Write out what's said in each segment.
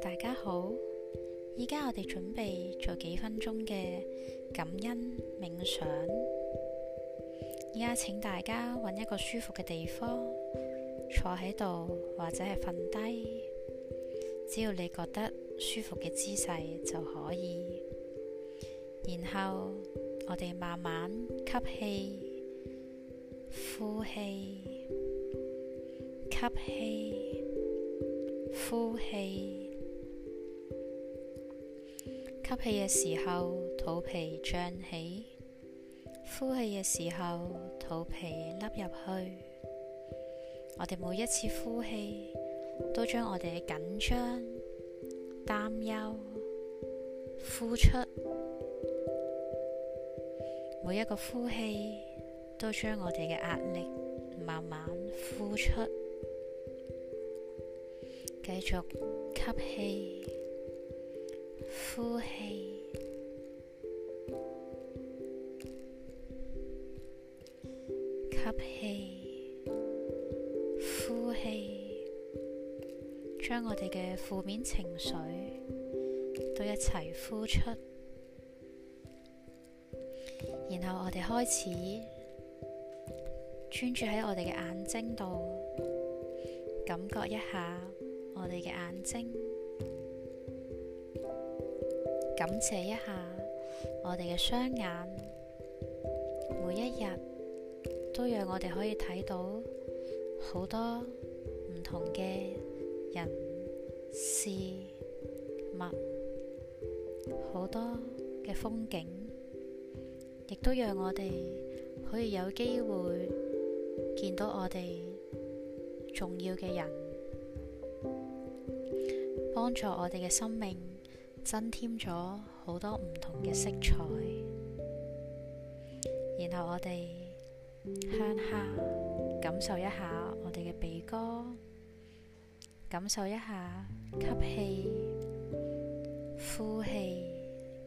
大家好，依家我哋準備做幾分鐘嘅感恩冥想。依家請大家揾一個舒服嘅地方坐喺度，或者係瞓低，只要你覺得舒服嘅姿勢就可以。然後我哋慢慢吸氣。呼氣、吸氣、呼氣、吸氣嘅時候，肚皮脹起；呼氣嘅時候，肚皮凹入去。我哋每一次呼氣，都將我哋嘅緊張、擔憂呼出。每一個呼氣。都將我哋嘅壓力慢慢呼出，繼續吸氣、呼氣、吸氣、呼氣，將我哋嘅負面情緒都一齊呼出，然後我哋開始。專注喺我哋嘅眼睛度，感覺一下我哋嘅眼睛，感謝一下我哋嘅雙眼，每一日都讓我哋可以睇到好多唔同嘅人事物，好多嘅風景，亦都讓我哋可以有機會。見到我哋重要嘅人，幫助我哋嘅生命增添咗好多唔同嘅色彩。然後我哋向下感受一下我哋嘅鼻哥，感受一下吸氣、呼氣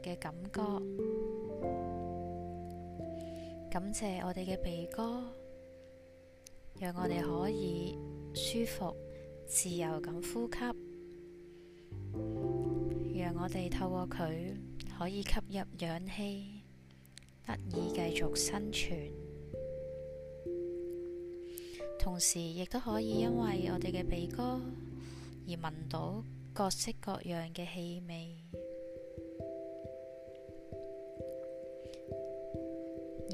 嘅感覺。感謝我哋嘅鼻哥。讓我哋可以舒服、自由咁呼吸，讓我哋透過佢可以吸入氧氣，得以繼續生存。同時，亦都可以因為我哋嘅鼻哥而聞到各式各樣嘅氣味。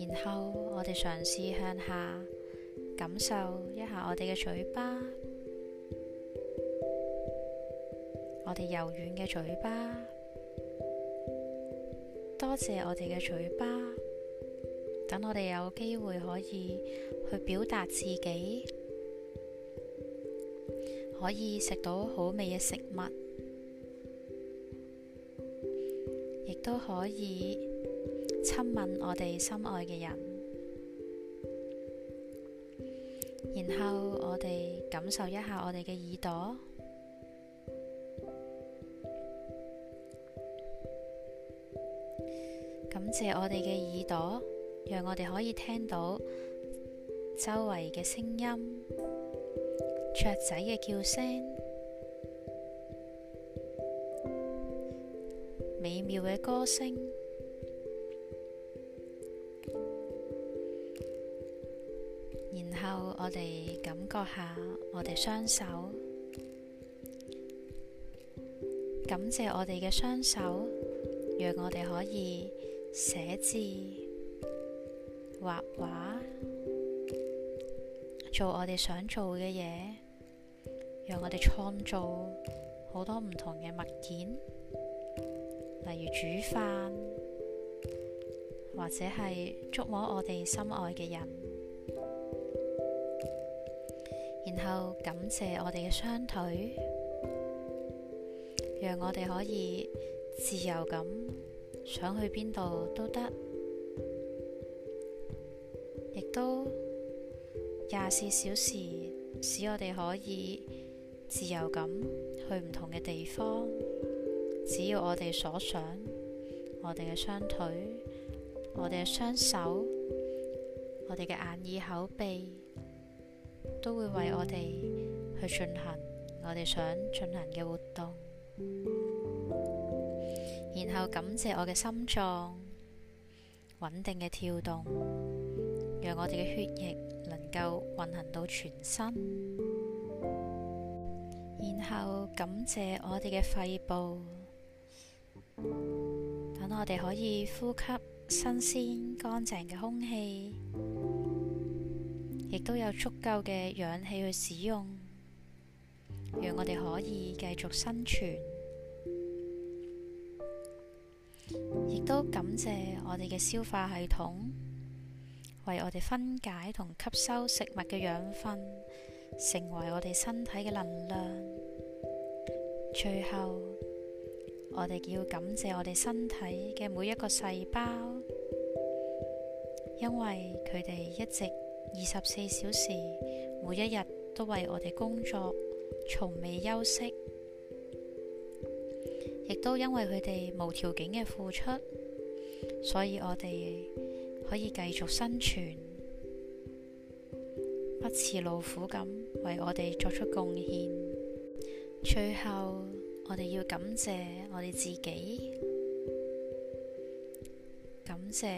然後，我哋嘗試向下。感受一下我哋嘅嘴巴，我哋柔軟嘅嘴巴，多謝我哋嘅嘴巴，等我哋有機會可以去表達自己，可以食到好味嘅食物，亦都可以親吻我哋心愛嘅人。然後我哋感受一下我哋嘅耳朵，感謝我哋嘅耳朵，讓我哋可以聽到周圍嘅聲音、雀仔嘅叫聲、美妙嘅歌聲。我哋感覺下我哋雙手，感謝我哋嘅雙手，讓我哋可以寫字、畫畫、做我哋想做嘅嘢，讓我哋創造好多唔同嘅物件，例如煮飯，或者係觸摸我哋心愛嘅人。然後感謝我哋嘅雙腿，讓我哋可以自由咁想去邊度都得，亦都廿四小時使我哋可以自由咁去唔同嘅地方，只要我哋所想，我哋嘅雙腿，我哋嘅雙手，我哋嘅眼耳口鼻。都會為我哋去進行我哋想進行嘅活動，然後感謝我嘅心臟穩定嘅跳動，讓我哋嘅血液能夠運行到全身，然後感謝我哋嘅肺部，等我哋可以呼吸新鮮乾淨嘅空氣。亦都有足夠嘅氧氣去使用，讓我哋可以繼續生存。亦都感謝我哋嘅消化系統，為我哋分解同吸收食物嘅養分，成為我哋身體嘅能量。最後，我哋要感謝我哋身體嘅每一個細胞，因為佢哋一直。二十四小時，每一日都為我哋工作，從未休息。亦都因為佢哋無條件嘅付出，所以我哋可以繼續生存。不辭勞苦咁為我哋作出貢獻。最後，我哋要感謝我哋自己，感謝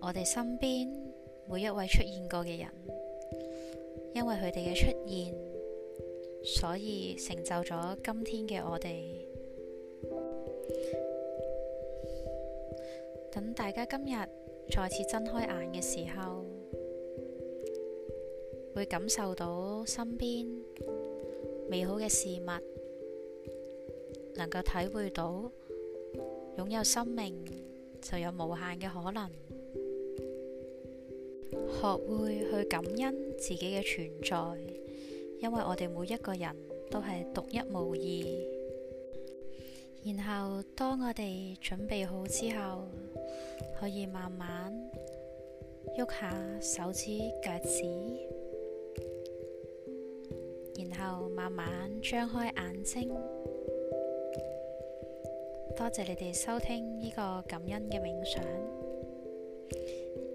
我哋身邊。每一位出現過嘅人，因為佢哋嘅出現，所以成就咗今天嘅我哋。等大家今日再次睜開眼嘅時候，會感受到身邊美好嘅事物，能夠體會到擁有生命就有無限嘅可能。學會去感恩自己嘅存在，因為我哋每一個人都係獨一無二。然後當我哋準備好之後，可以慢慢喐下手指、腳趾，然後慢慢張開眼睛。多謝你哋收聽呢個感恩嘅冥想。